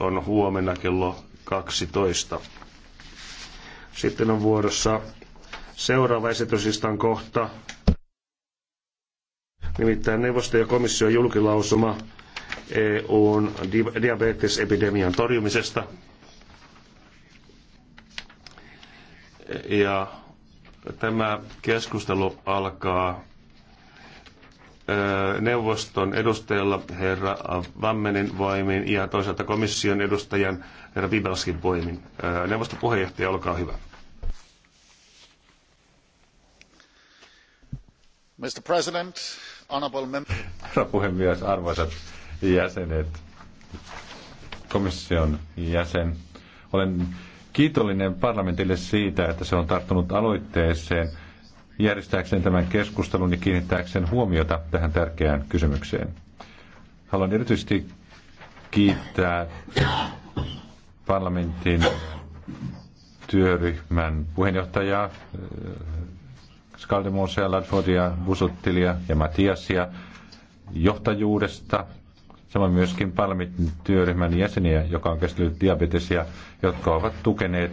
on huomenna kello 12. Sitten on vuorossa seuraava esityslistan kohta, nimittäin neuvosto ja komission julkilausuma EUn diabetesepidemian torjumisesta. Ja tämä keskustelu alkaa neuvoston edustajalla herra Vammenin voimin ja toisaalta komission edustajan herra Vibelskin voimin. Neuvoston puheenjohtaja, olkaa hyvä. Mr. President, honorable members. Herra puhemies, arvoisat jäsenet, komission jäsen. Olen kiitollinen parlamentille siitä, että se on tarttunut aloitteeseen – järjestääkseen tämän keskustelun ja kiinnittääkseen huomiota tähän tärkeään kysymykseen. Haluan erityisesti kiittää parlamentin työryhmän puheenjohtajaa äh, Skaldemosea, Ladfordia, Busuttilia ja Matiasia johtajuudesta, samoin myöskin parlamentin työryhmän jäseniä, joka on käsitellyt diabetesia, jotka ovat tukeneet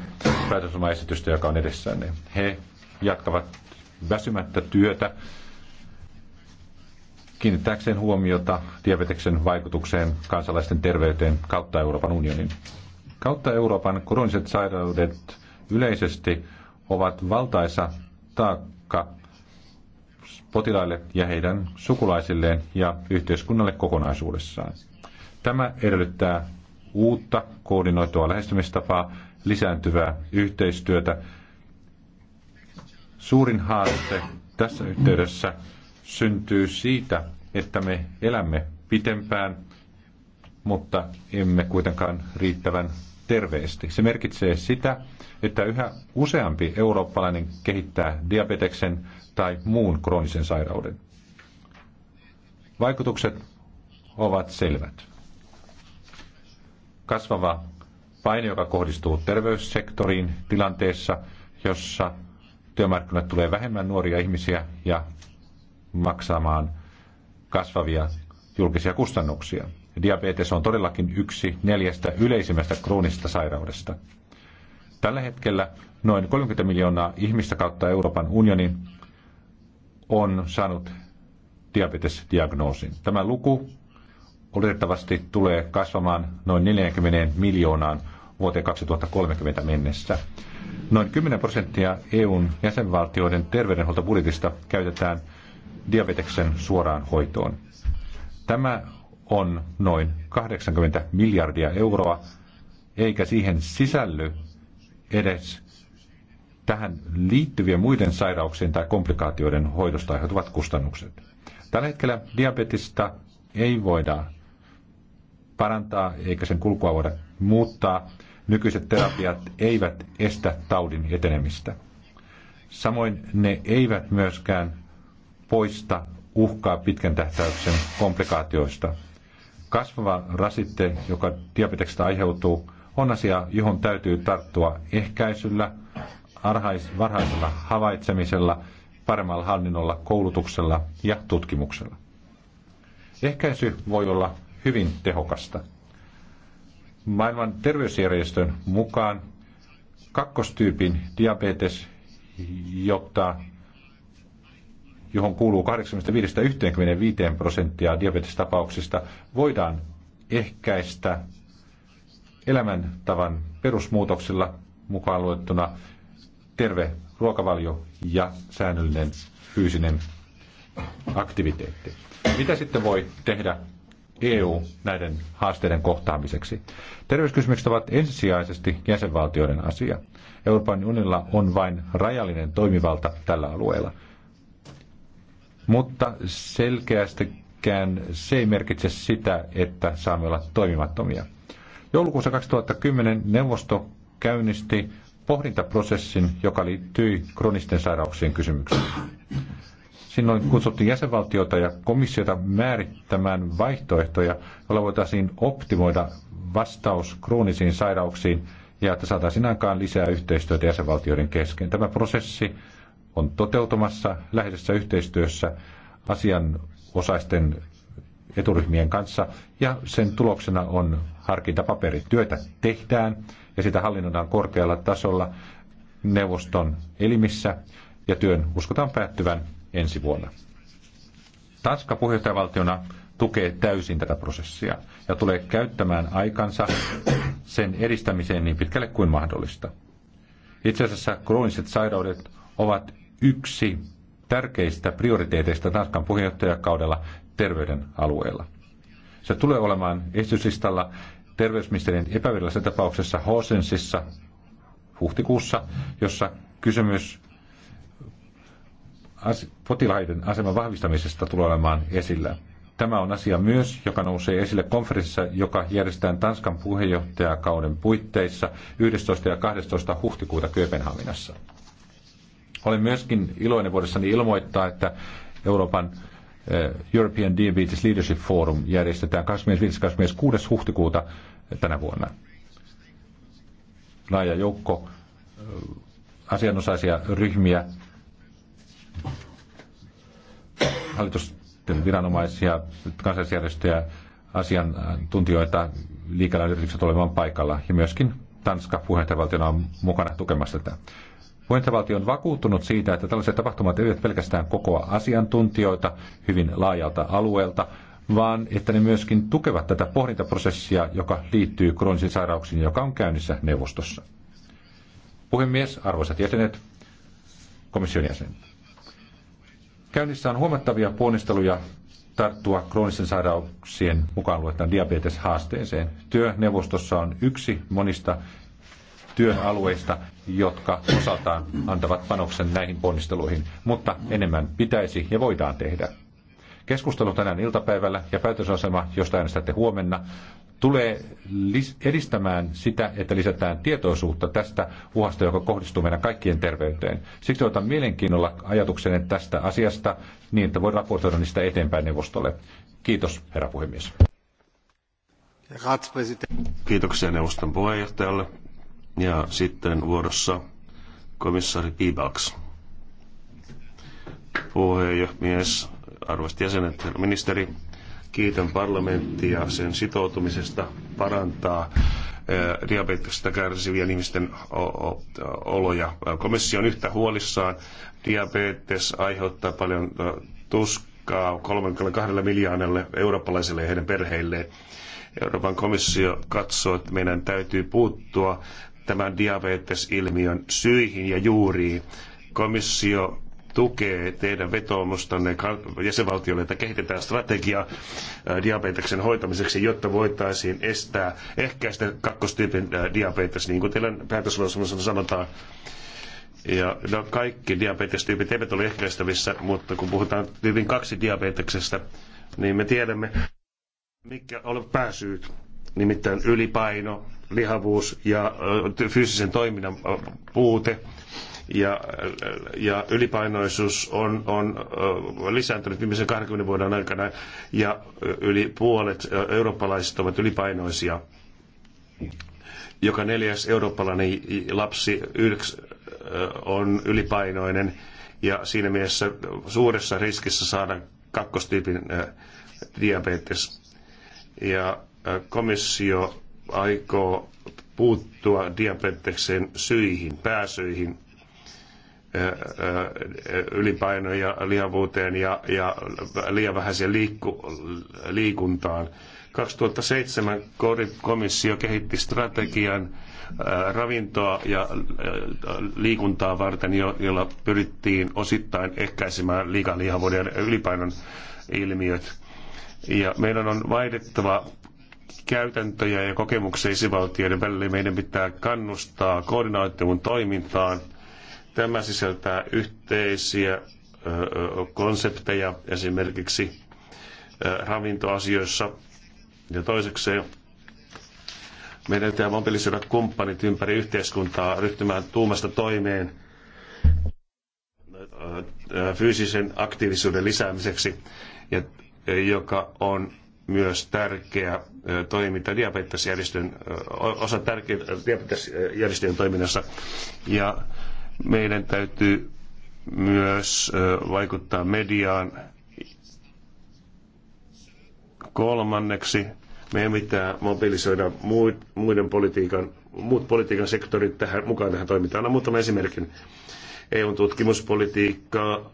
päätöslomaesitystä, joka on edessään. He jatkavat väsymättä työtä kiinnittääkseen huomiota diabeteksen vaikutukseen kansalaisten terveyteen kautta Euroopan unionin. Kautta Euroopan kroniset sairaudet yleisesti ovat valtaisa taakka potilaille ja heidän sukulaisilleen ja yhteiskunnalle kokonaisuudessaan. Tämä edellyttää uutta koordinoitua lähestymistapaa, lisääntyvää yhteistyötä Suurin haaste tässä yhteydessä syntyy siitä, että me elämme pitempään, mutta emme kuitenkaan riittävän terveesti. Se merkitsee sitä, että yhä useampi eurooppalainen kehittää diabeteksen tai muun kroonisen sairauden. Vaikutukset ovat selvät. Kasvava paine, joka kohdistuu terveyssektoriin tilanteessa, jossa työmarkkinoille tulee vähemmän nuoria ihmisiä ja maksamaan kasvavia julkisia kustannuksia. Diabetes on todellakin yksi neljästä yleisimmästä kroonisesta sairaudesta. Tällä hetkellä noin 30 miljoonaa ihmistä kautta Euroopan unionin on saanut diabetesdiagnoosin. Tämä luku oletettavasti tulee kasvamaan noin 40 miljoonaan vuoteen 2030 mennessä. Noin 10 prosenttia EUn jäsenvaltioiden terveydenhuoltobudjetista käytetään diabeteksen suoraan hoitoon. Tämä on noin 80 miljardia euroa, eikä siihen sisälly edes tähän liittyvien muiden sairauksien tai komplikaatioiden hoidosta aiheutuvat kustannukset. Tällä hetkellä diabetista ei voida parantaa eikä sen kulkua voida muuttaa Nykyiset terapiat eivät estä taudin etenemistä. Samoin ne eivät myöskään poista uhkaa pitkän tähtäyksen komplikaatioista. Kasvava rasitte, joka diabeteksestä aiheutuu, on asia, johon täytyy tarttua ehkäisyllä, arhais, varhaisella havaitsemisella, paremmalla hallinnolla, koulutuksella ja tutkimuksella. Ehkäisy voi olla hyvin tehokasta. Maailman terveysjärjestön mukaan kakkostyypin diabetes johtaa johon kuuluu 85-95 prosenttia diabetestapauksista, voidaan ehkäistä elämäntavan perusmuutoksilla mukaan luettuna terve ruokavalio ja säännöllinen fyysinen aktiviteetti. Mitä sitten voi tehdä EU näiden haasteiden kohtaamiseksi. Terveyskysymykset ovat ensisijaisesti jäsenvaltioiden asia. Euroopan unionilla on vain rajallinen toimivalta tällä alueella. Mutta selkeästikään se ei merkitse sitä, että saamme olla toimimattomia. Joulukuussa 2010 neuvosto käynnisti pohdintaprosessin, joka liittyi kronisten sairauksien kysymykseen. Silloin kutsuttiin jäsenvaltioita ja komissiota määrittämään vaihtoehtoja, joilla voitaisiin optimoida vastaus kroonisiin sairauksiin ja että saataisiin aikaan lisää yhteistyötä jäsenvaltioiden kesken. Tämä prosessi on toteutumassa läheisessä yhteistyössä asianosaisten eturyhmien kanssa ja sen tuloksena on harkintapaperityötä Työtä tehdään ja sitä hallinnoidaan korkealla tasolla neuvoston elimissä ja työn uskotaan päättyvän ensi vuonna. Tanska puheenjohtajavaltiona tukee täysin tätä prosessia ja tulee käyttämään aikansa sen edistämiseen niin pitkälle kuin mahdollista. Itse asiassa krooniset sairaudet ovat yksi tärkeistä prioriteeteista Tanskan puheenjohtajakaudella terveyden alueella. Se tulee olemaan esityslistalla terveysministerin epävirallisessa tapauksessa Hosensissa huhtikuussa, jossa kysymys as- potilaiden aseman vahvistamisesta tulee olemaan esillä. Tämä on asia myös, joka nousee esille konferenssissa, joka järjestetään Tanskan puheenjohtajakauden puitteissa 11. ja 12. huhtikuuta Kööpenhaminassa. Olen myöskin iloinen vuodessani ilmoittaa, että Euroopan eh, European Diabetes Leadership Forum järjestetään 25.–26. huhtikuuta tänä vuonna. Laaja joukko eh, asianosaisia ryhmiä hallitusten viranomaisia, kansallisjärjestöjä, asiantuntijoita liikelain yritykset olemaan paikalla ja myöskin Tanska puheenjohtajavaltiona on mukana tukemassa tätä. Puheenjohtajavaltio on vakuuttunut siitä, että tällaiset tapahtumat eivät pelkästään kokoa asiantuntijoita hyvin laajalta alueelta, vaan että ne myöskin tukevat tätä pohdintaprosessia, joka liittyy kroonisiin sairauksiin, joka on käynnissä neuvostossa. Puhemies, arvoisat jäsenet, komission jäsenet. Käynnissä on huomattavia ponnisteluja tarttua kroonisten sairauksien mukaan luettuna diabeteshaasteeseen. Työneuvostossa on yksi monista työalueista, jotka osaltaan antavat panoksen näihin ponnisteluihin, mutta enemmän pitäisi ja voidaan tehdä. Keskustelu tänään iltapäivällä ja päätösasema, josta äänestätte huomenna, tulee edistämään sitä, että lisätään tietoisuutta tästä uhasta, joka kohdistuu meidän kaikkien terveyteen. Siksi otan mielenkiinnolla ajatuksenne tästä asiasta niin, että voi raportoida niistä eteenpäin neuvostolle. Kiitos, herra puhemies. Kiitoksia neuvoston puheenjohtajalle. Ja sitten vuorossa komissaari Pibalks. Puheenjohtaja, arvoisat jäsenet, herra ministeri, Kiitän parlamenttia sen sitoutumisesta parantaa eh, diabetesta kärsivien ihmisten oloja. Komissio on yhtä huolissaan. Diabetes aiheuttaa paljon eh, tuskaa 32 miljoonalle eurooppalaisille ja heidän perheilleen. Euroopan komissio katsoo, että meidän täytyy puuttua tämän diabetesilmiön syihin ja juuriin. Komissio tukee teidän vetoomustanne jäsenvaltiolle, että kehitetään strategia äh, diabeteksen hoitamiseksi, jotta voitaisiin estää, ehkäistä kakkostyypin äh, diabetes, niin kuin teidän päätösvalmistelmassa sanotaan. Ja no, kaikki diabetestyypit eivät ole ehkäistävissä, mutta kun puhutaan tyypin kaksi diabeteksestä, niin me tiedämme, mikä ovat pääsyyt nimittäin ylipaino, lihavuus ja fyysisen toiminnan puute. Ja, ja ylipainoisuus on, on lisääntynyt viimeisen 20 vuoden aikana ja yli puolet eurooppalaisista ovat ylipainoisia. Joka neljäs eurooppalainen lapsi on ylipainoinen ja siinä mielessä suuressa riskissä saada kakkostyypin diabetes. Ja komissio aikoo puuttua diabeteksen syihin, pääsyihin, ylipaino ja lihavuuteen ja, ja liian vähäiseen liikku, liikuntaan. 2007 komissio kehitti strategian ravintoa ja liikuntaa varten, jolla pyrittiin osittain ehkäisemään liikalihavuuden ja ylipainon ilmiöt. Ja meidän on vaihdettava käytäntöjä ja kokemuksia isivaltioiden välillä. Meidän pitää kannustaa koordinaation toimintaan. Tämä sisältää yhteisiä konsepteja esimerkiksi ravintoasioissa. Ja toisekseen meidän pitää mobilisoida kumppanit ympäri yhteiskuntaa ryhtymään tuumasta toimeen fyysisen aktiivisuuden lisäämiseksi, joka on myös tärkeä toiminta diabetesjärjestön, osa tärkeä diabetesjärjestöjen toiminnassa. Ja meidän täytyy myös vaikuttaa mediaan. Kolmanneksi meidän pitää mobilisoida muiden politiikan, muut politiikan sektorit tähän, mukaan tähän toimintaan. Annan muutaman esimerkin. eu tutkimuspolitiikkaa,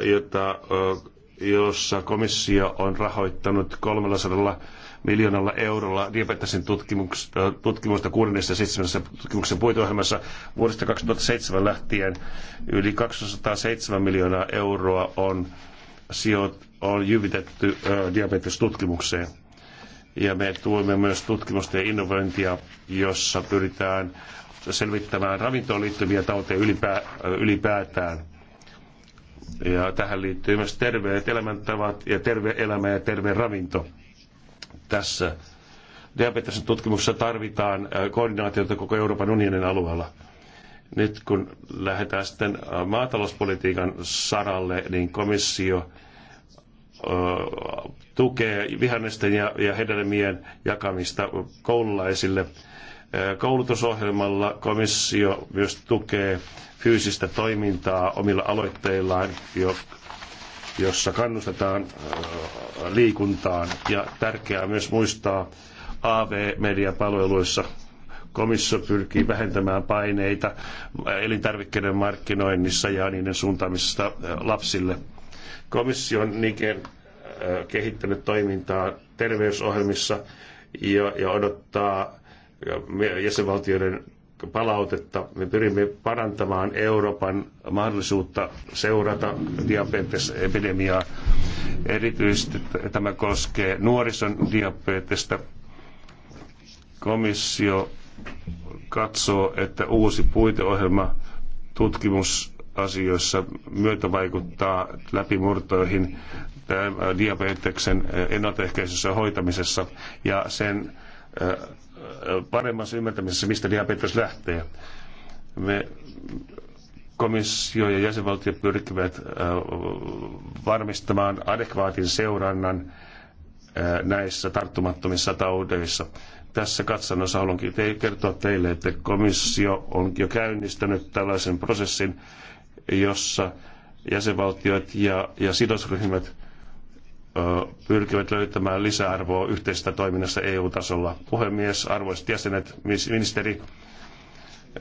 jota jossa komissio on rahoittanut 300 miljoonalla eurolla diabetesin tutkimus, tutkimusta 67. tutkimuksen puiteohjelmassa vuodesta 2007 lähtien. Yli 207 miljoonaa euroa on, sijoit, on jyvitetty diabetestutkimukseen. Ja me tuemme myös tutkimusta ja innovointia, jossa pyritään selvittämään ravintoon liittyviä tauteja ylipää, ylipäätään ja tähän liittyy myös terveet elämäntavat ja terve elämä ja terve ravinto. Tässä diabetesin tutkimuksessa tarvitaan äh, koordinaatiota koko Euroopan unionin alueella. Nyt kun lähdetään sitten äh, maatalouspolitiikan saralle, niin komissio äh, tukee vihannesten ja, ja hedelmien jakamista koululaisille Koulutusohjelmalla komissio myös tukee fyysistä toimintaa omilla aloitteillaan, jossa kannustetaan liikuntaan. Ja tärkeää myös muistaa AV-mediapalveluissa komissio pyrkii vähentämään paineita elintarvikkeiden markkinoinnissa ja niiden suuntaamisesta lapsille. Komissio on Niger kehittänyt toimintaa terveysohjelmissa ja, odottaa jäsenvaltioiden palautetta. Me pyrimme parantamaan Euroopan mahdollisuutta seurata diabetesepidemiaa. Erityisesti tämä koskee nuorison diabetesta. Komissio katsoo, että uusi puiteohjelma tutkimusasioissa vaikuttaa läpimurtoihin diabeteksen ennaltaehkäisyssä hoitamisessa ja sen paremmassa ymmärtämisessä, mistä diabetes lähtee. Me komissio ja jäsenvaltiot pyrkivät äh, varmistamaan adekvaatin seurannan äh, näissä tarttumattomissa taudeissa. Tässä katsannossa haluankin te- kertoa teille, että komissio on jo käynnistänyt tällaisen prosessin, jossa jäsenvaltiot ja, ja sidosryhmät pyrkivät löytämään lisäarvoa yhteisestä toiminnassa EU-tasolla. Puhemies, arvoisat jäsenet, ministeri,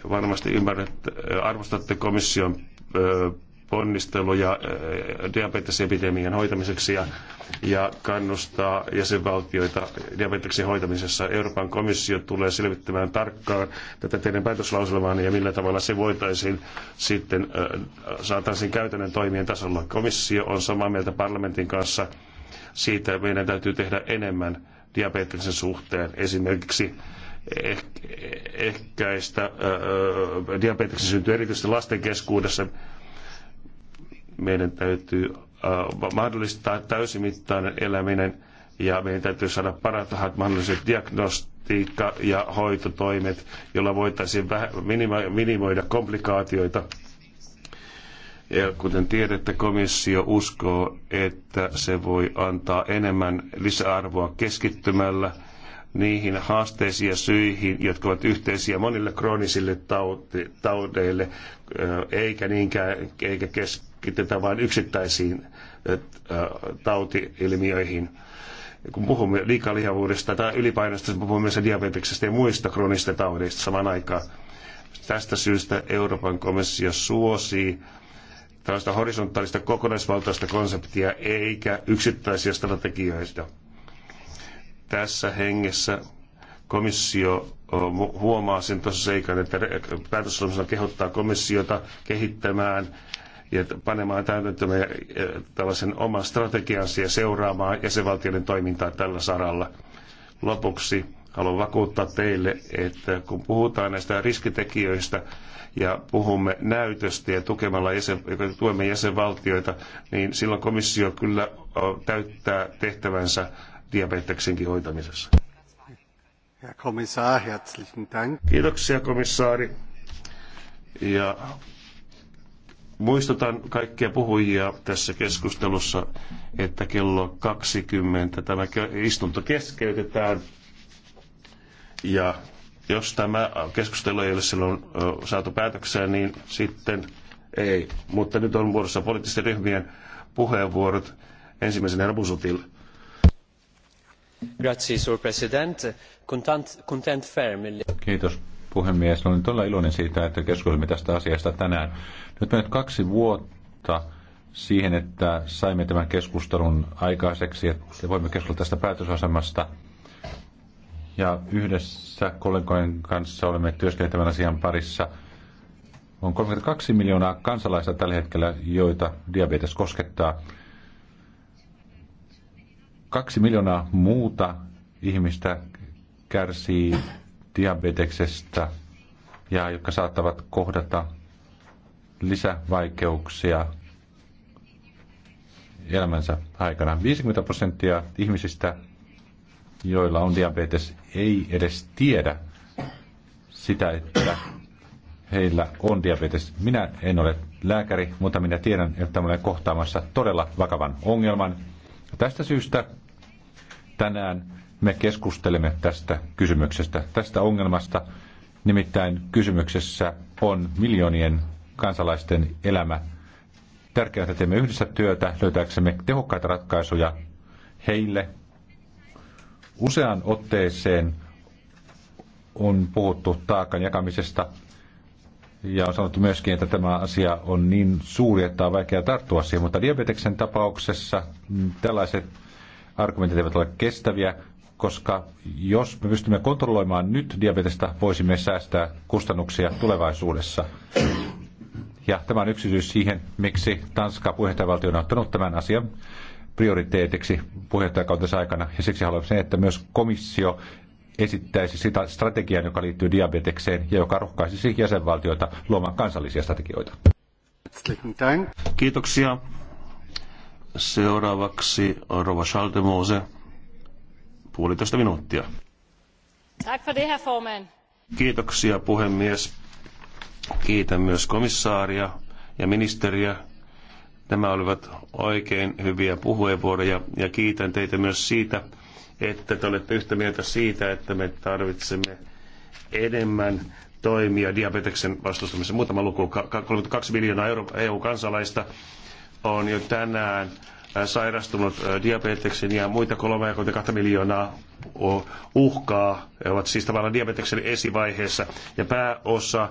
varmasti ymmärrätte, arvostatte komission ponnisteluja diabetesepidemian hoitamiseksi ja, ja kannustaa jäsenvaltioita diabeteksen hoitamisessa. Euroopan komissio tulee selvittämään tarkkaan tätä teidän päätöslauselmaanne ja millä tavalla se voitaisiin sitten saataisiin käytännön toimien tasolla. Komissio on samaa mieltä parlamentin kanssa siitä meidän täytyy tehdä enemmän diabeteksen suhteen. Esimerkiksi eh, ehkäistä diabeteksen syntyy erityisesti lasten keskuudessa. Meidän täytyy mahdollistaa täysimittainen eläminen ja meidän täytyy saada parhaat mahdolliset diagnostiikka- ja hoitotoimet, joilla voitaisiin minimoida komplikaatioita ja kuten tiedätte, komissio uskoo, että se voi antaa enemmän lisäarvoa keskittymällä niihin haasteisiin ja syihin, jotka ovat yhteisiä monille kroonisille taudeille, eikä niinkään eikä keskitytä vain yksittäisiin tautiilmiöihin. Kun puhumme liikalihavuudesta tai ylipainosta, puhumme myös diabeteksestä ja muista kroonisista taudeista samaan aikaan. Tästä syystä Euroopan komissio suosii tällaista horisontaalista kokonaisvaltaista konseptia eikä yksittäisiä strategioita. Tässä hengessä komissio huomaa sen tosiaan, että päätösosassa kehottaa komissiota kehittämään ja panemaan täytäntöön tällaisen oman strategiansa ja seuraamaan jäsenvaltioiden toimintaa tällä saralla. Lopuksi Haluan vakuuttaa teille, että kun puhutaan näistä riskitekijöistä ja puhumme näytöstä ja tukemalla jäsen, tuemme jäsenvaltioita, niin silloin komissio kyllä täyttää tehtävänsä diabeteksenkin hoitamisessa. Kiitoksia komissaari. Ja muistutan kaikkia puhujia tässä keskustelussa, että kello 20 tämä istunto keskeytetään. Ja jos tämä keskustelu ei ole silloin saatu päätökseen, niin sitten ei. Mutta nyt on vuorossa poliittisten ryhmien puheenvuorot. Ensimmäisenä herra Busutil. Kiitos puhemies. Olen todella iloinen siitä, että keskustelimme tästä asiasta tänään. Nyt mennyt kaksi vuotta siihen, että saimme tämän keskustelun aikaiseksi, että voimme keskustella tästä päätösasemasta – ja yhdessä kollegojen kanssa olemme työskentelevän asian parissa. On 32 miljoonaa kansalaista tällä hetkellä, joita diabetes koskettaa. Kaksi miljoonaa muuta ihmistä kärsii diabeteksestä ja jotka saattavat kohdata lisävaikeuksia elämänsä aikana. 50 prosenttia ihmisistä joilla on diabetes, ei edes tiedä sitä, että heillä on diabetes. Minä en ole lääkäri, mutta minä tiedän, että olen kohtaamassa todella vakavan ongelman. Tästä syystä tänään me keskustelemme tästä kysymyksestä, tästä ongelmasta. Nimittäin kysymyksessä on miljoonien kansalaisten elämä. Tärkeää, että teemme yhdessä työtä löytääksemme tehokkaita ratkaisuja heille, Useaan otteeseen on puhuttu taakan jakamisesta ja on sanottu myöskin, että tämä asia on niin suuri, että on vaikea tarttua siihen, mutta diabeteksen tapauksessa mm, tällaiset argumentit eivät ole kestäviä, koska jos me pystymme kontrolloimaan nyt diabetesta, voisimme säästää kustannuksia tulevaisuudessa. Ja tämä on yksi syy siihen, miksi Tanska puheenjohtajavaltio on ottanut tämän asian prioriteetiksi puheenjohtajakautensa aikana, ja siksi haluan sen, että myös komissio esittäisi sitä strategiaa, joka liittyy diabetekseen ja joka rohkaisisi jäsenvaltioita luomaan kansallisia strategioita. Kiitoksia. Seuraavaksi Rova Schaldemose, puolitoista minuuttia. Kiitoksia puhemies. Kiitän myös komissaaria ja ministeriä Nämä olivat oikein hyviä puheenvuoroja ja kiitän teitä myös siitä, että te olette yhtä mieltä siitä, että me tarvitsemme enemmän toimia diabeteksen vastustamisessa. Muutama luku, 32 miljoonaa EU-kansalaista on jo tänään sairastunut diabeteksen ja muita 32 miljoonaa uhkaa, He ovat siis tavallaan diabeteksen esivaiheessa ja pääosa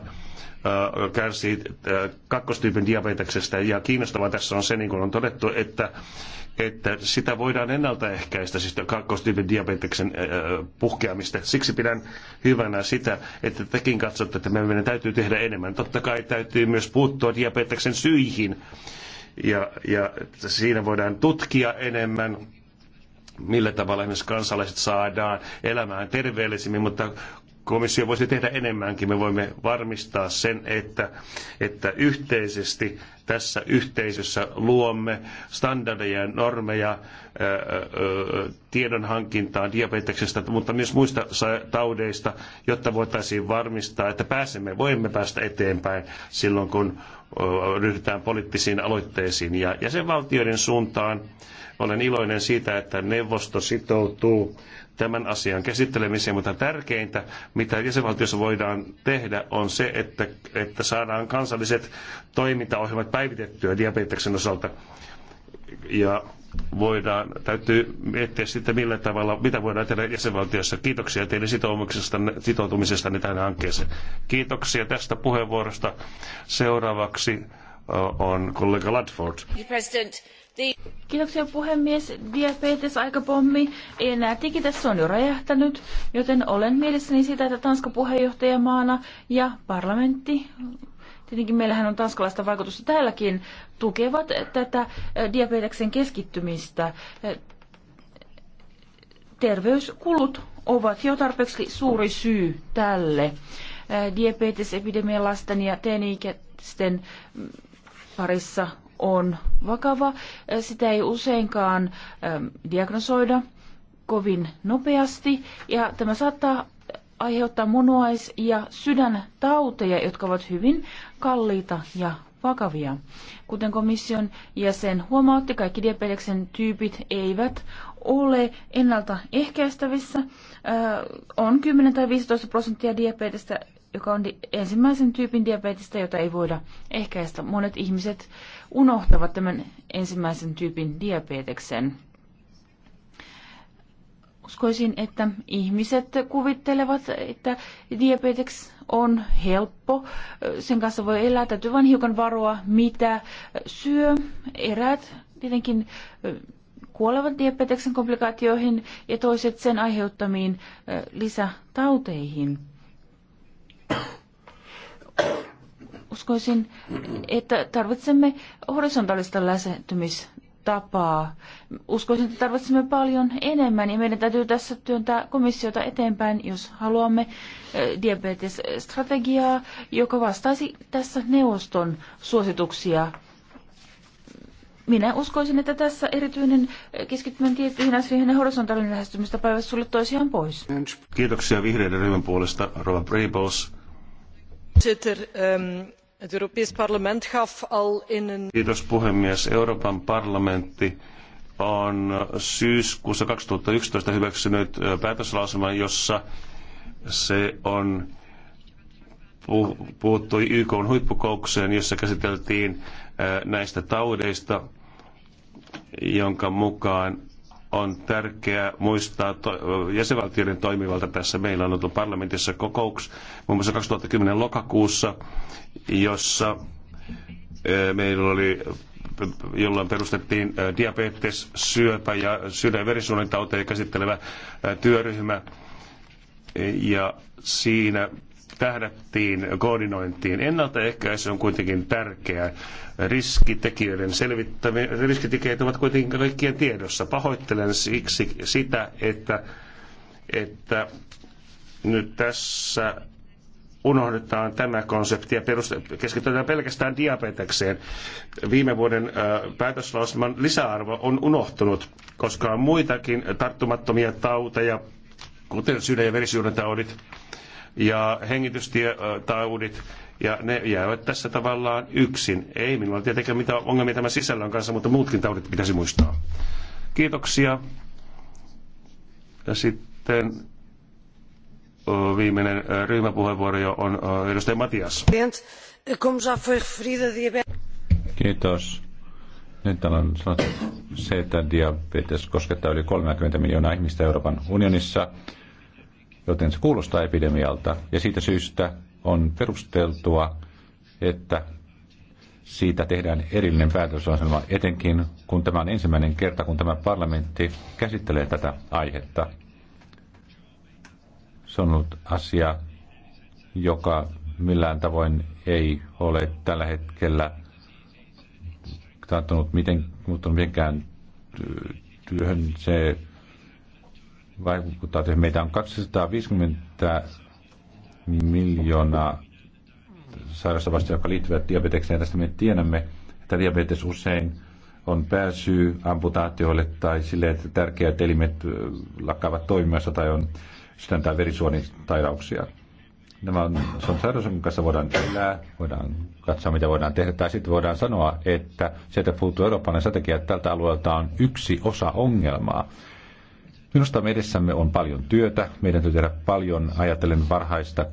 kärsii kakkostyypin diabeteksestä ja kiinnostavaa tässä on se, niin kuin on todettu, että että sitä voidaan ennaltaehkäistä, siis kakkostyypin diabeteksen puhkeamista. Siksi pidän hyvänä sitä, että tekin katsotte, että meidän täytyy tehdä enemmän. Totta kai täytyy myös puuttua diabeteksen syihin ja, ja siinä voidaan tutkia enemmän millä tavalla esimerkiksi kansalaiset saadaan elämään terveellisemmin, mutta komissio voisi tehdä enemmänkin. Me voimme varmistaa sen, että, että yhteisesti tässä yhteisössä luomme standardeja ja normeja tiedon hankintaan diabeteksestä, mutta myös muista taudeista, jotta voitaisiin varmistaa, että pääsemme, voimme päästä eteenpäin silloin, kun ryhdytään poliittisiin aloitteisiin. Ja jäsenvaltioiden suuntaan olen iloinen siitä, että neuvosto sitoutuu tämän asian käsittelemiseen, mutta tärkeintä, mitä jäsenvaltiossa voidaan tehdä, on se, että, että saadaan kansalliset toimintaohjelmat päivitettyä diabeteksen osalta. Ja voidaan, täytyy miettiä sitten millä tavalla, mitä voidaan tehdä jäsenvaltiossa. Kiitoksia teille sitoutumisesta tähän hankkeeseen. Kiitoksia tästä puheenvuorosta. Seuraavaksi on kollega Ladford. Kiitoksia puhemies. Diabetes aikapommi ei enää tiki, tässä on jo räjähtänyt, joten olen mielessäni sitä, että Tanska puheenjohtajamaana ja parlamentti tietenkin meillähän on tanskalaista vaikutusta täälläkin, tukevat tätä eh, diabeteksen keskittymistä. Eh, terveyskulut ovat jo tarpeeksi suuri syy tälle. Eh, diabetesepidemian lasten ja teini-ikäisten parissa on vakava. Sitä ei useinkaan diagnosoida kovin nopeasti ja tämä saattaa aiheuttaa munuais- ja sydäntauteja, jotka ovat hyvin kalliita ja vakavia. Kuten komission jäsen huomautti, kaikki diabeteksen tyypit eivät ole ennaltaehkäistävissä. Äh, on 10 tai 15 prosenttia diabetesta, joka on di- ensimmäisen tyypin diabetista, jota ei voida ehkäistä. Monet ihmiset unohtavat tämän ensimmäisen tyypin diabeteksen uskoisin, että ihmiset kuvittelevat, että diabetes on helppo. Sen kanssa voi elää, täytyy vain hiukan varoa, mitä syö. Eräät tietenkin kuolevat diabeteksen komplikaatioihin ja toiset sen aiheuttamiin lisätauteihin. Uskoisin, että tarvitsemme horisontaalista lähestymistä tapaa. Uskoisin, että tarvitsemme paljon enemmän ja meidän täytyy tässä työntää komissiota eteenpäin, jos haluamme eh, diabetesstrategiaa, joka vastaisi tässä neuvoston suosituksia. Minä uskoisin, että tässä erityinen eh, keskittyminen tiettyihin asioihin ja horisontaalinen lähestymistä eivät sulle toisiaan pois. Kiitoksia vihreiden ryhmän puolesta, Rova Breibos arvoisa puhemies. Euroopan parlamentti on syyskuussa yksitoista hyväksynyt päätöslauselman, jossa se on puuttui YK huippukokoukseen jossa käsiteltiin näistä taudeista, jonka mukaan on tärkeää muistaa to, jäsenvaltioiden toimivalta tässä. Meillä on ollut parlamentissa kokouks muun muassa 2010 lokakuussa, jossa meillä oli jolloin perustettiin diabetes, syöpä ja sydän- ja verisuonitauteja käsittelevä työryhmä. Ja siinä tähdättiin koordinointiin. Ennaltaehkäisy on kuitenkin tärkeää. Riskitekijöiden selvittäminen, riskitekijät ovat kuitenkin kaikkien tiedossa. Pahoittelen siksi sitä, että, että nyt tässä unohdetaan tämä konsepti ja keskitytään pelkästään diabetekseen. Viime vuoden päätöslauselman lisäarvo on unohtunut, koska on muitakin tarttumattomia tauteja, kuten sydän- ja verisuonitaudit, ja hengitystietaudit, ja ne jäävät tässä tavallaan yksin. Ei minulla tietenkään mitään ongelmia tämän sisällön kanssa, mutta muutkin taudit pitäisi muistaa. Kiitoksia. Ja sitten viimeinen ryhmäpuheenvuoro jo on edustaja Matias. Kiitos. Nyt täällä on sanottu se, että diabetes koskettaa yli 30 miljoonaa ihmistä Euroopan unionissa joten se kuulostaa epidemialta. Ja siitä syystä on perusteltua, että siitä tehdään erillinen päätösohjelma, etenkin kun tämä on ensimmäinen kerta, kun tämä parlamentti käsittelee tätä aihetta. Se on ollut asia, joka millään tavoin ei ole tällä hetkellä tarttunut miten, mitenkään työhön. Se vaikuttaa, että meitä on 250 miljoonaa sairastavasta, joka liittyvät diabetekseen. Tästä me tiedämme, että diabetes usein on pääsyy amputaatioille tai sille, että tärkeät elimet lakkaavat toimimassa tai on sydän- tai verisuonitairauksia. Nämä on, se on sairaus, jonka kanssa voidaan elää, voidaan katsoa, mitä voidaan tehdä, tai sitten voidaan sanoa, että sieltä puuttuu eurooppalainen strategia tältä alueelta on yksi osa ongelmaa. Minusta me edessämme on paljon työtä. Meidän täytyy tehdä paljon ajatellen varhaista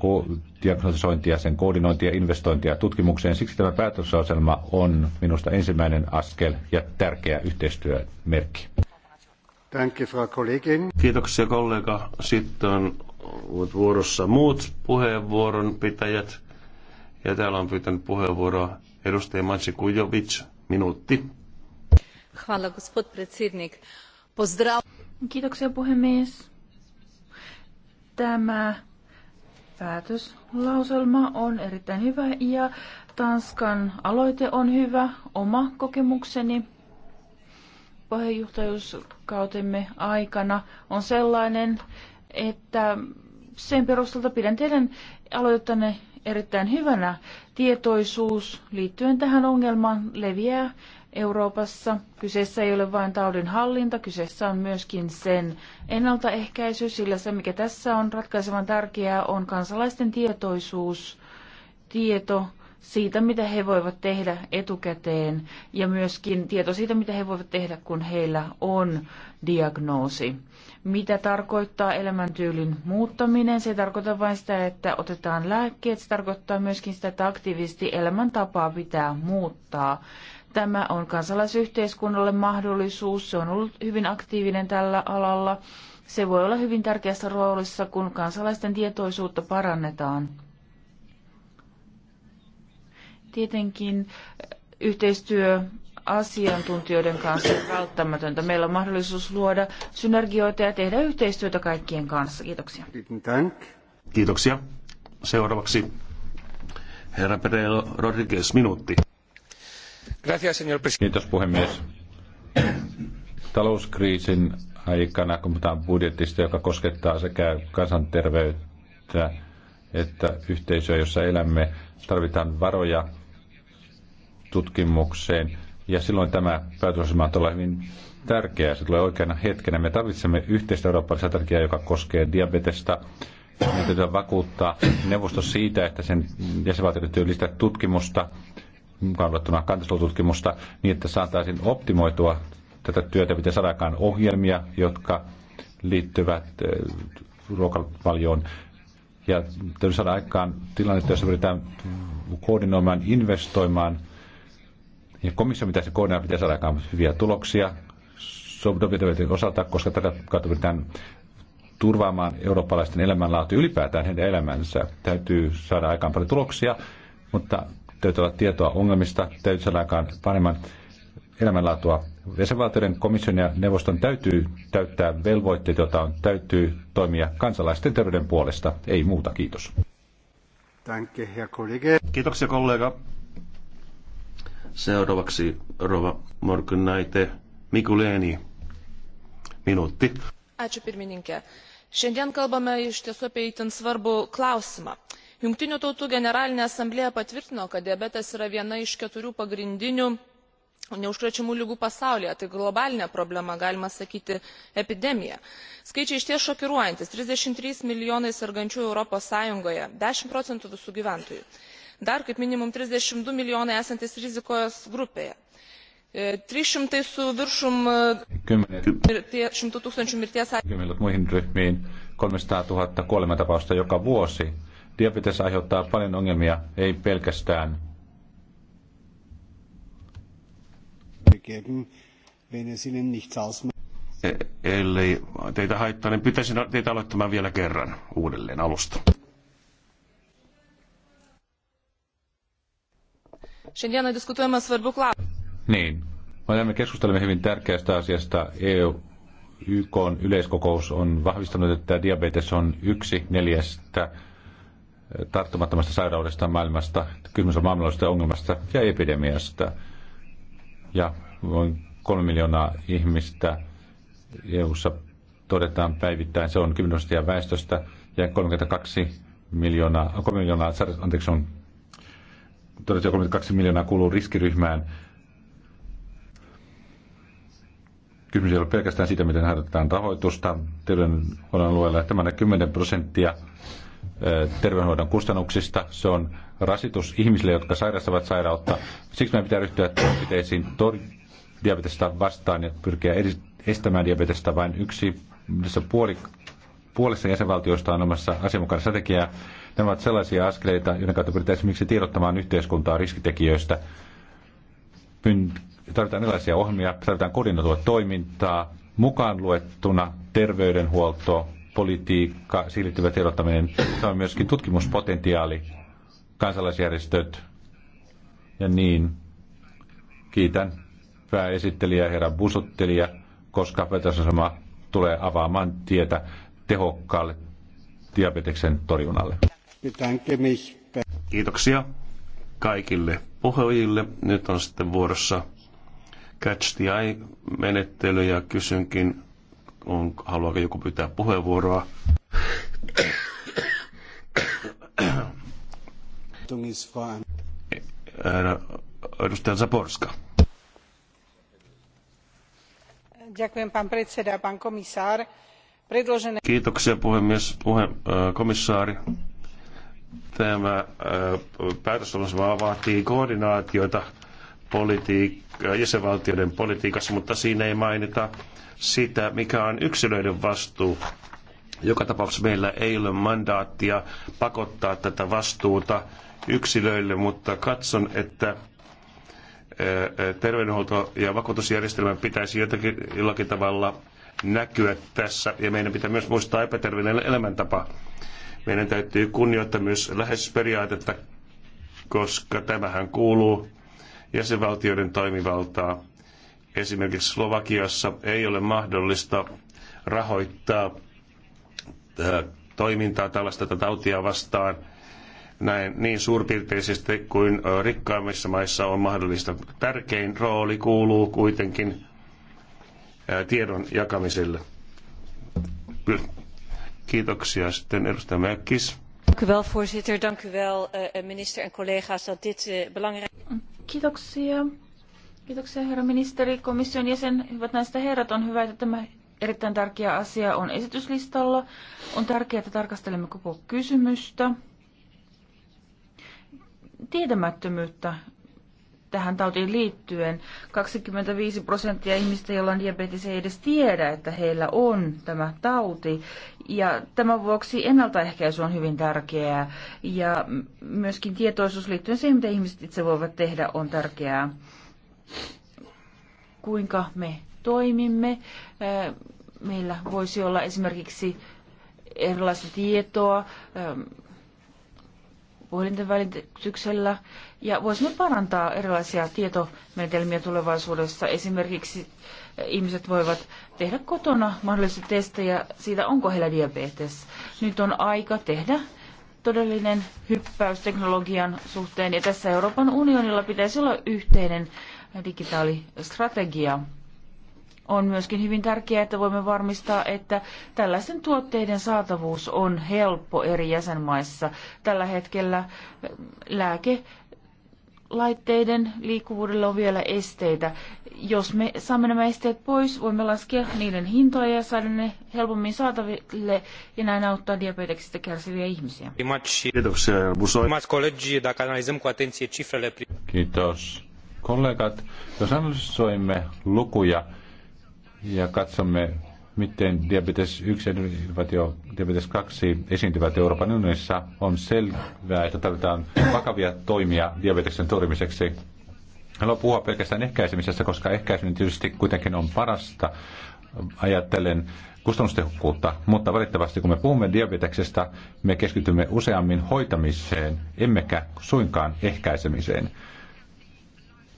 diagnosointia, sen koordinointia, investointia tutkimukseen. Siksi tämä päätösaselma on minusta ensimmäinen askel ja tärkeä yhteistyömerkki. Kiitoksia kollega. Sitten on vuorossa muut puheenvuoron pitäjät. Ja täällä on pyytänyt puheenvuoroa edustaja Matsi Kujovic, minuutti. Hvala, gospod predsjednik. Pozdrav... Kiitoksia puhemies. Tämä päätöslauselma on erittäin hyvä ja Tanskan aloite on hyvä. Oma kokemukseni puheenjohtajuuskautemme aikana on sellainen, että sen perustalta pidän teidän aloitettanne erittäin hyvänä. Tietoisuus liittyen tähän ongelmaan leviää Euroopassa. Kyseessä ei ole vain taudin hallinta, kyseessä on myöskin sen ennaltaehkäisy, sillä se mikä tässä on ratkaisevan tärkeää on kansalaisten tietoisuus, tieto siitä, mitä he voivat tehdä etukäteen ja myöskin tieto siitä, mitä he voivat tehdä, kun heillä on diagnoosi. Mitä tarkoittaa elämäntyylin muuttaminen? Se ei tarkoita vain sitä, että otetaan lääkkeet, se tarkoittaa myöskin sitä, että aktiivisesti elämäntapaa pitää muuttaa. Tämä on kansalaisyhteiskunnalle mahdollisuus. Se on ollut hyvin aktiivinen tällä alalla. Se voi olla hyvin tärkeässä roolissa, kun kansalaisten tietoisuutta parannetaan. Tietenkin eh, yhteistyö asiantuntijoiden kanssa on välttämätöntä. Meillä on mahdollisuus luoda synergioita ja tehdä yhteistyötä kaikkien kanssa. Kiitoksia. Kiitoksia. Seuraavaksi herra Pereiro Rodriguez, minuutti arvoisa puhemies. Talouskriisin aikana, kun puhutaan budjetista, joka koskettaa sekä kansanterveyttä että yhteisöä, jossa elämme, tarvitaan varoja tutkimukseen. Ja silloin tämä päätösasema on olla hyvin tärkeä. Se tulee oikeana hetkenä. Me tarvitsemme yhteistä eurooppalaista strategiaa, joka koskee diabetesta. Meidän täytyy vakuuttaa neuvosto siitä, että sen jäsenvaltiot työ tutkimusta mukaan luettuna kantastelututkimusta, niin että saataisiin optimoitua tätä työtä, miten saadaan ohjelmia, jotka liittyvät eh, ruokavalioon. Ja täytyy saada aikaan tilannetta, jossa pyritään koordinoimaan, investoimaan. Ja komissio, mitä se koordinoida, pitää saada aikaan hyviä tuloksia sopimuksen osalta, koska tätä kautta pyritään turvaamaan eurooppalaisten elämänlaatu ylipäätään heidän elämänsä. Täytyy saada aikaan paljon tuloksia, mutta täytyy olla tietoa ongelmista, täytyy saada aikaan paremman elämänlaatua. Jäsenvaltioiden komission ja neuvoston täytyy täyttää velvoitteet, joita on, täytyy toimia kansalaisten terveyden puolesta. Ei muuta, kiitos. Kiitoksia kollega. Seuraavaksi Rova Morganaite Mikuleeni. Minuutti. Ačiū pirmininkė. Šiandien kalbame iš tiesų apie itin svarbų klausimą jungtinių tautų generalinė asamblėja patvirtino kad diabetas yra viena iš keturių pagrindinių neužkrečiamų ligų pasaulyje tai globalinė problema galima sakyti epidemija. skaičiai išties šokiruojantys trisdešimt trys milijonai sergančiųjų europos sąjungoje dešimt procentų visų gyventojų dar kaip minimum trisdešimt du milijonai esantys rizikos grupėje e, trys šimtai su viršum e, šimtų tūkstančių mirties atvejų. Diabetes aiheuttaa paljon ongelmia, ei pelkästään e- Ellei teitä haittaa, niin pitäisin teitä aloittamaan vielä kerran uudelleen alusta. Niin. Me keskustelemme hyvin tärkeästä asiasta. EU, YK on yleiskokous on vahvistanut, että diabetes on yksi neljästä tarttumattomasta sairaudesta maailmasta, kysymys on maailmanlaajuisesta ongelmasta ja epidemiasta. Ja noin kolme miljoonaa ihmistä EU-ssa todetaan päivittäin, se on 10 prosenttia väestöstä ja 32 miljoonaa, 3 miljoonaa, anteeksi on todettu 32 miljoonaa kuuluu riskiryhmään. Kysymys ei ole pelkästään siitä, miten harjoitetaan rahoitusta terveydenhuollon alueella. Tämä on 10 prosenttia terveydenhoidon kustannuksista. Se on rasitus ihmisille, jotka sairastavat sairautta. Siksi meidän pitää ryhtyä toimenpiteisiin tor- diabetesta vastaan ja pyrkiä estämään diabetesta vain yksi puoli, puolessa jäsenvaltioista on omassa asianmukainen strategiaa. Nämä ovat sellaisia askeleita, joiden kautta pyritään esimerkiksi tiedottamaan yhteiskuntaa riskitekijöistä. Tarvitaan erilaisia ohjelmia, tarvitaan koordinoitua toimintaa, mukaan luettuna terveydenhuolto, politiikka, siirtyvä tiedottaminen, se on myöskin tutkimuspotentiaali, kansalaisjärjestöt ja niin. Kiitän pääesittelijä herra Busuttelija, koska vetäsasema tulee avaamaan tietä tehokkaalle diabeteksen torjunnalle. Kiitoksia kaikille puhujille. Nyt on sitten vuorossa Catch the Eye-menettely ja kysynkin on, haluaako joku pyytää puheenvuoroa? Edustaja Zaborska. Kiitoksia puhemies, puhe, komissaari. Tämä päätöslauselma vaatii koordinaatioita politiik- jäsenvaltioiden politiikassa, mutta siinä ei mainita sitä, mikä on yksilöiden vastuu. Joka tapauksessa meillä ei ole mandaattia pakottaa tätä vastuuta yksilöille, mutta katson, että terveydenhuolto- ja vakuutusjärjestelmän pitäisi jotakin, jollakin tavalla näkyä tässä. Ja meidän pitää myös muistaa epäterveellinen elämäntapa. Meidän täytyy kunnioittaa myös lähestysperiaatetta, koska tämähän kuuluu jäsenvaltioiden toimivaltaa Esimerkiksi Slovakiassa ei ole mahdollista rahoittaa äh, toimintaa tällaista tautia vastaan näin niin suurpiirteisesti kuin äh, rikkaimmissa maissa on mahdollista. Tärkein rooli kuuluu kuitenkin äh, tiedon jakamiselle. Kiitoksia sitten edustaja Mäkkis. Eh, eh, eh, Kiitoksia. Kiitoksia herra ministeri, komission jäsen. Hyvät näistä herrat, on hyvä, että tämä erittäin tärkeä asia on esityslistalla. On tärkeää, että tarkastelemme koko kysymystä. Tietämättömyyttä tähän tautiin liittyen. 25 prosenttia ihmistä, joilla on diabetes, ei edes tiedä, että heillä on tämä tauti. Ja tämän vuoksi ennaltaehkäisy on hyvin tärkeää. Ja myöskin tietoisuus liittyen siihen, mitä ihmiset itse voivat tehdä, on tärkeää kuinka me toimimme. Äh, meillä voisi olla esimerkiksi erilaista tietoa ähm, puhelinten välityksellä ja voisimme parantaa erilaisia tietomenetelmiä tulevaisuudessa. Esimerkiksi äh, ihmiset voivat tehdä kotona mahdollisesti testejä siitä, onko heillä diabetes. Nyt on aika tehdä todellinen hyppäys teknologian suhteen ja tässä Euroopan unionilla pitäisi olla yhteinen digitaalistrategia. On myöskin hyvin tärkeää, että voimme varmistaa, että tällaisten tuotteiden saatavuus on helppo eri jäsenmaissa. Tällä hetkellä eh, lääke laitteiden liikkuvuudelle on vielä esteitä. Jos me saamme nämä esteet pois, voimme laskea niiden hintoja ja saada ne helpommin saataville ja näin auttaa diabeteksistä kärsiviä ihmisiä. Kiitoksia, Kiitos kollegat, jos analysoimme lukuja ja katsomme, miten diabetes 1 ja diabetes 2 esiintyvät Euroopan unionissa, on selvää, että tarvitaan vakavia toimia diabeteksen torjumiseksi. Haluan puhua pelkästään ehkäisemisestä, koska ehkäiseminen tietysti kuitenkin on parasta ajattelen kustannustehokkuutta, mutta valitettavasti kun me puhumme diabeteksestä, me keskitymme useammin hoitamiseen, emmekä suinkaan ehkäisemiseen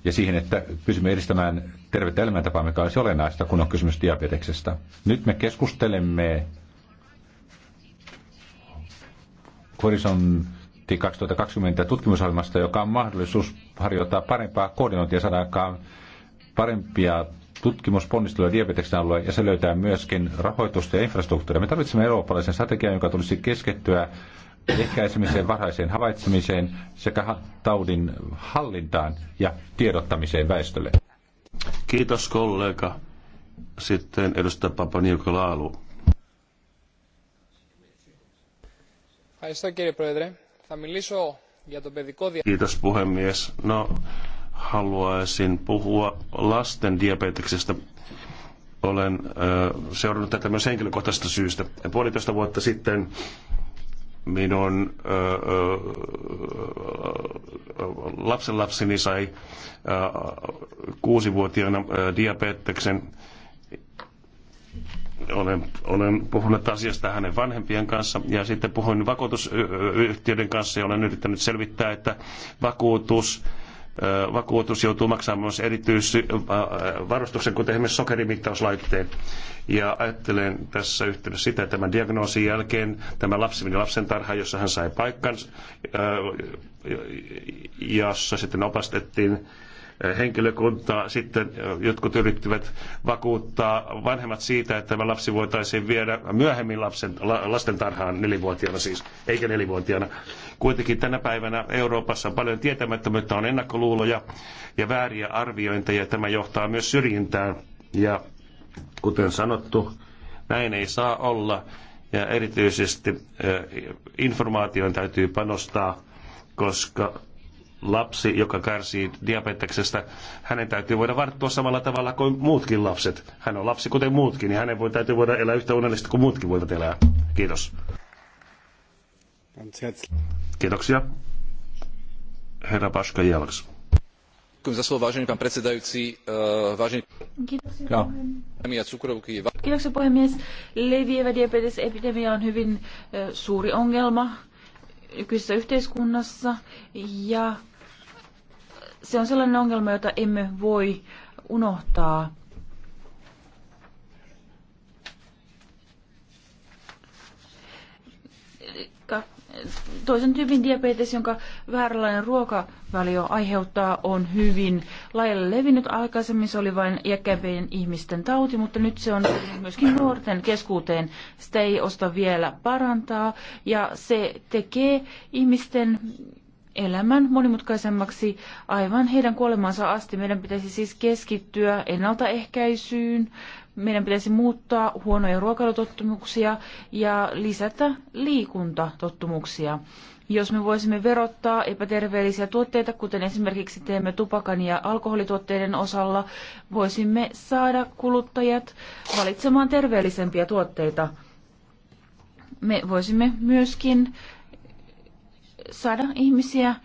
ja siihen, että pysymme edistämään tervettä elämäntapaa, mikä olisi olennaista, kun on kysymys diabeteksestä. Nyt me keskustelemme Horisontti 2020 tutkimusohjelmasta, joka on mahdollisuus harjoittaa parempaa koordinointia, saada aikaan parempia tutkimusponnisteluja diabeteksen alueella, ja se löytää myöskin rahoitusta ja infrastruktuuria. Me tarvitsemme eurooppalaisen strategian, joka tulisi keskittyä ehkäisemiseen, varhaiseen havaitsemiseen sekä taudin hallintaan ja tiedottamiseen väestölle. Kiitos kollega. Sitten edustaja Papa Niukalaalu. Kiitos puhemies. No, haluaisin puhua lasten diabeteksestä. Olen ö, seurannut tätä myös henkilökohtaisesta syystä. Puolitoista vuotta sitten minun ö, ö, lapsenlapseni sai kuusivuotiaana diabeteksen. Olen, olen puhunut asiasta hänen vanhempien kanssa ja sitten puhuin vakuutusyhtiöiden kanssa ja olen yrittänyt selvittää, että vakuutus vakuutus joutuu maksamaan myös erityisvarustuksen, kuten esimerkiksi sokerimittauslaitteen. Ja ajattelen tässä yhteydessä sitä, että tämän diagnoosin jälkeen tämä lapsi meni lapsentarhaan, jossa hän sai paikkansa, jossa sitten opastettiin henkilökuntaa. Sitten jotkut yrittivät vakuuttaa vanhemmat siitä, että tämä lapsi voitaisiin viedä myöhemmin lapsen, lastentarhaan nelivuotiaana siis, eikä nelivuotiaana. Kuitenkin tänä päivänä Euroopassa on paljon tietämättömyyttä, on ennakkoluuloja ja vääriä arviointeja. Tämä johtaa myös syrjintään. Ja kuten sanottu, näin ei saa olla. Ja erityisesti informaation täytyy panostaa, koska lapsi, joka kärsii diabeteksestä, hänen täytyy voida varttua samalla tavalla kuin muutkin lapset. Hän on lapsi kuten muutkin, niin hänen voi, täytyy voida elää yhtä onnellisesti kuin muutkin voivat elää. Kiitos. Kiitoksia. Herra Paška Jalks. Jelks. Kiitoksia puhemies. Leviävä diabetesepidemia on hyvin eh, suuri ongelma nykyisessä yhteiskunnassa ja se on sellainen ongelma, jota emme voi unohtaa. Toisen tyypin diabetes, jonka vääränlainen ruokavalio aiheuttaa, on hyvin laajalle levinnyt. Aikaisemmin se oli vain iäkkäämpien ihmisten tauti, mutta nyt se on myöskin nuorten keskuuteen. Sitä ei osta vielä parantaa ja se tekee ihmisten elämän monimutkaisemmaksi aivan heidän kuolemansa asti. Meidän pitäisi siis keskittyä ennaltaehkäisyyn, meidän pitäisi muuttaa huonoja ruokailutottumuksia ja lisätä liikuntatottumuksia. Jos me voisimme verottaa epäterveellisiä tuotteita, kuten esimerkiksi teemme tupakan ja alkoholituotteiden osalla, voisimme saada kuluttajat valitsemaan terveellisempiä tuotteita. Me voisimme myöskin saada ihmisiä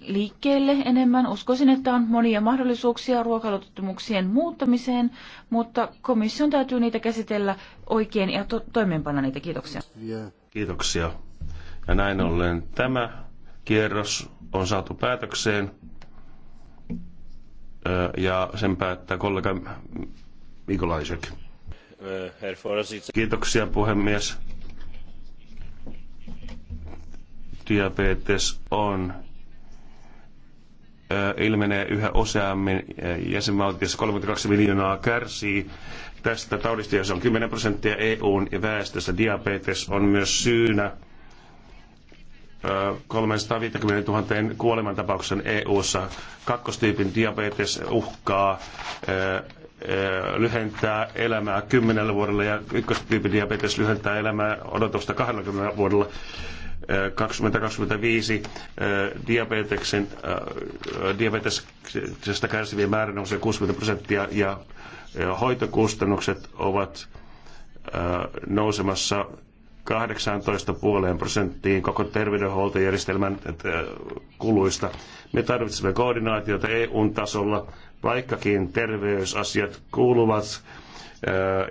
liikkeelle enemmän. Uskoisin, että on monia mahdollisuuksia ruokailututkimuksien muuttamiseen, mutta komission täytyy niitä käsitellä oikein ja to- toimeenpanna niitä. Kiitoksia. Kiitoksia. Ja näin ollen tämä kierros on saatu päätökseen ja sen päättää kollega Mikolaisek. Kiitoksia puhemies. diabetes on ilmenee yhä useammin. Jäsenvaltiossa 32 miljoonaa kärsii tästä taudista, ja se on 10 prosenttia EUn väestössä. Diabetes on myös syynä 350 000 kuolemantapauksen EU-ssa. Kakkostyypin diabetes uhkaa lyhentää elämää kymmenellä vuodella ja ykköstyypin diabetes lyhentää elämää odotusta 20 vuodella. 2025 äh, diabeteksen, äh, diabetesesta kärsivien määrä nousee 60 prosenttia ja hoitokustannukset ovat äh, nousemassa 18,5 prosenttiin koko terveydenhuoltojärjestelmän kuluista. Me tarvitsemme koordinaatiota EU-tasolla, vaikkakin terveysasiat kuuluvat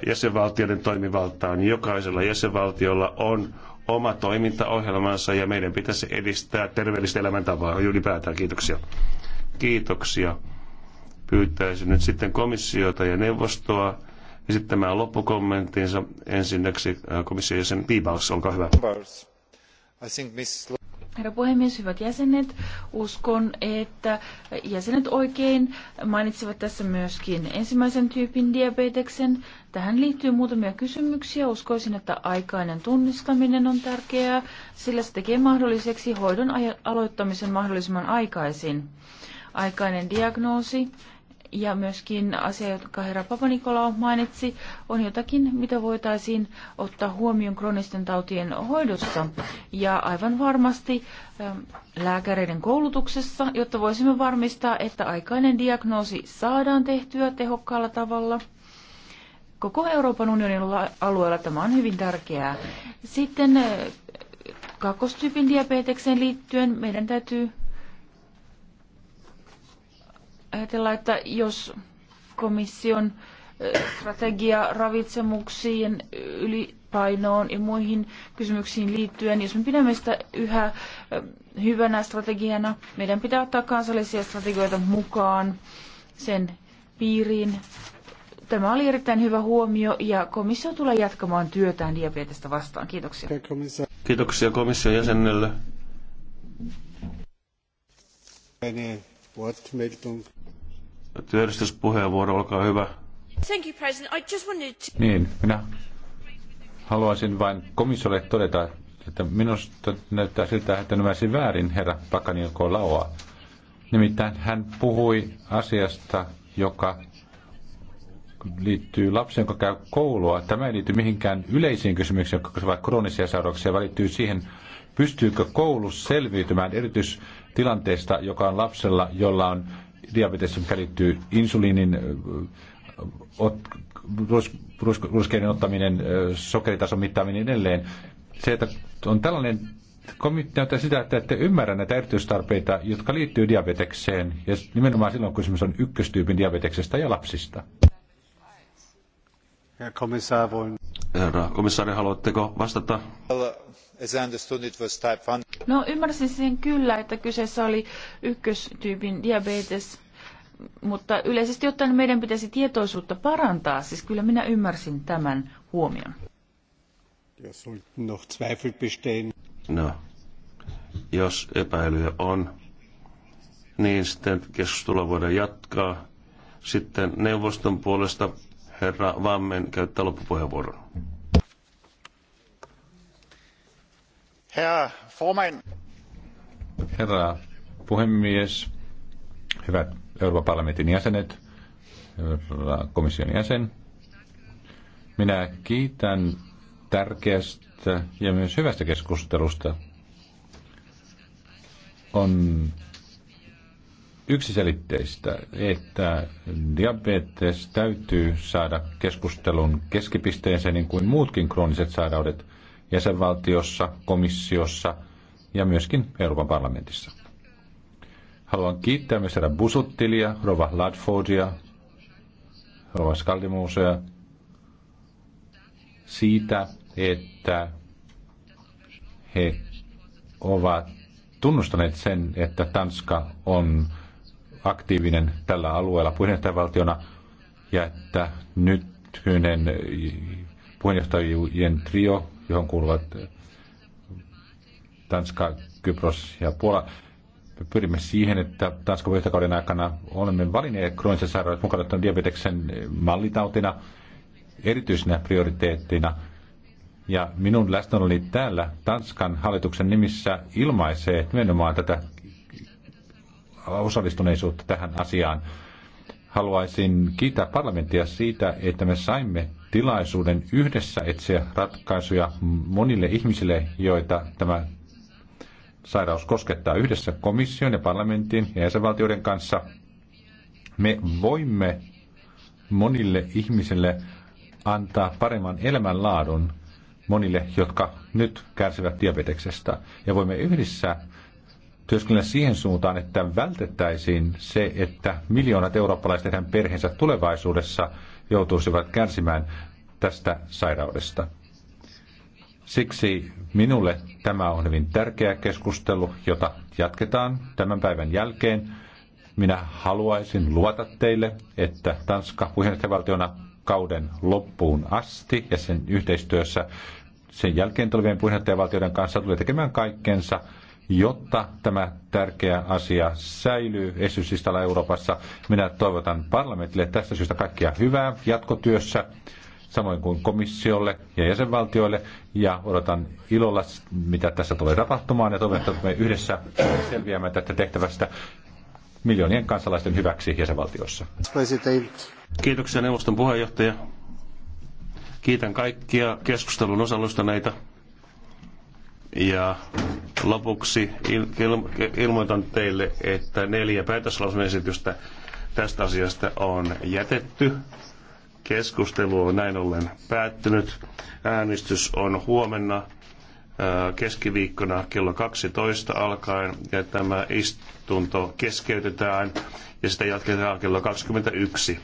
jäsenvaltioiden toimivaltaan. Jokaisella jäsenvaltiolla on oma toimintaohjelmansa ja meidän pitäisi edistää terveellistä elämäntapaa ylipäätään. Kiitoksia. Kiitoksia. Pyytäisin nyt sitten komissiota ja neuvostoa esittämään loppukommenttinsa ensinnäksi äh, komission jäsen Piibaus, olkaa hyvä. Herra puhemies, hyvät jäsenet, uskon, että jäsenet oikein mainitsivat tässä myöskin ensimmäisen tyypin diabeteksen. Tähän liittyy muutamia kysymyksiä. Uskoisin, että aikainen tunnistaminen on tärkeää, sillä se tekee mahdolliseksi hoidon aloittamisen mahdollisimman aikaisin. Aikainen diagnoosi ja myöskin asia, jotka herra Papanikola mainitsi, on jotakin, mitä voitaisiin ottaa huomioon kronisten tautien hoidossa ja aivan varmasti ähm, lääkäreiden koulutuksessa, jotta voisimme varmistaa, että aikainen diagnoosi saadaan tehtyä tehokkaalla tavalla. Koko Euroopan unionin alueella tämä on hyvin tärkeää. Sitten äh, kakkostyypin diabetekseen liittyen meidän täytyy ajatella, että jos komission strategia ravitsemuksiin, ylipainoon ja muihin kysymyksiin liittyen. Jos me pidämme sitä yhä hyvänä strategiana, meidän pitää ottaa kansallisia strategioita mukaan sen piiriin. Tämä oli erittäin hyvä huomio ja komissio tulee jatkamaan työtään diabetesta vastaan. Kiitoksia. Kiitoksia komission jäsenelle. Työllistyspuheenvuoro, olkaa hyvä. Thank you, President. I just wanted to... Niin, minä haluaisin vain komissiolle todeta, että minusta näyttää siltä, että ymmärsin väärin herra Pakanilko Laoa. Nimittäin hän puhui asiasta, joka liittyy lapsen, joka käy koulua. Tämä ei liity mihinkään yleisiin kysymyksiin, jotka koskevat kroonisia sairauksia, vaan liittyy siihen, pystyykö koulu selviytymään erityistilanteesta, joka on lapsella, jolla on diabetes, mikä liittyy insuliinin ruskeiden ottaminen, sokeritason mittaaminen edelleen. Se, että on tällainen näyttää sitä, että ette ymmärrä näitä erityistarpeita, jotka liittyy diabetekseen, ja nimenomaan silloin, kun kysymys on ykköstyypin diabeteksesta ja lapsista. Herr Kommissar, wollen Herra komissaari, haluatteko vastata? No ymmärsin sen kyllä, että kyseessä oli ykköstyypin diabetes, mutta yleisesti ottaen meidän pitäisi tietoisuutta parantaa, siis kyllä minä ymmärsin tämän huomion. No, jos epäilyjä on, niin sitten keskustelua voidaan jatkaa. Sitten neuvoston puolesta Herra Vammen käyttää loppupuheenvuoron. Herra Herra puhemies, hyvät Euroopan parlamentin jäsenet, herra komission jäsen. Minä kiitän tärkeästä ja myös hyvästä keskustelusta. On yksiselitteistä, että diabetes täytyy saada keskustelun keskipisteensä niin kuin muutkin krooniset sairaudet jäsenvaltiossa, komissiossa ja myöskin Euroopan parlamentissa. Haluan kiittää myös herra Busuttilia, rova Ladfordia, rova Skaldimuusea siitä, että he ovat tunnustaneet sen, että Tanska on aktiivinen tällä alueella puheenjohtajavaltiona ja että nykyinen puheenjohtajien trio, johon kuuluvat Tanska, Kypros ja Puola, pyrimme siihen, että Tanskan puheenjohtajakauden aikana olemme valinneet kroonisen sairaudet mukaan ottanut diabeteksen mallitautina erityisenä prioriteettina. Ja minun läsnäoloni täällä Tanskan hallituksen nimissä ilmaisee nimenomaan tätä osallistuneisuutta tähän asiaan. Haluaisin kiittää parlamenttia siitä, että me saimme tilaisuuden yhdessä etsiä ratkaisuja monille ihmisille, joita tämä sairaus koskettaa yhdessä komission ja parlamentin ja jäsenvaltioiden kanssa. Me voimme monille ihmisille antaa paremman elämänlaadun monille, jotka nyt kärsivät diabeteksesta. Ja voimme yhdessä työskennellä siihen suuntaan, että vältettäisiin se, että miljoonat eurooppalaiset heidän perheensä tulevaisuudessa joutuisivat kärsimään tästä sairaudesta. Siksi minulle tämä on hyvin tärkeä keskustelu, jota jatketaan tämän päivän jälkeen. Minä haluaisin luota teille, että Tanska puheenjohtajavaltiona kauden loppuun asti ja sen yhteistyössä sen jälkeen tulevien puheenjohtajavaltioiden kanssa tulee tekemään kaikkensa, jotta tämä tärkeä asia säilyy esityslistalla Euroopassa. Minä toivotan parlamentille tästä syystä kaikkia hyvää jatkotyössä, samoin kuin komissiolle ja jäsenvaltioille, ja odotan ilolla, mitä tässä tulee tapahtumaan, ja toivon, että me yhdessä selviämme tästä tehtävästä miljoonien kansalaisten hyväksi jäsenvaltiossa. Kiitoksia neuvoston puheenjohtaja. Kiitän kaikkia keskustelun osallistuneita. Ja Lopuksi ilmoitan teille, että neljä päätöslausumaesitystä tästä asiasta on jätetty. Keskustelu on näin ollen päättynyt. Äänestys on huomenna äh, keskiviikkona kello 12 alkaen ja tämä istunto keskeytetään ja sitä jatketaan kello 21.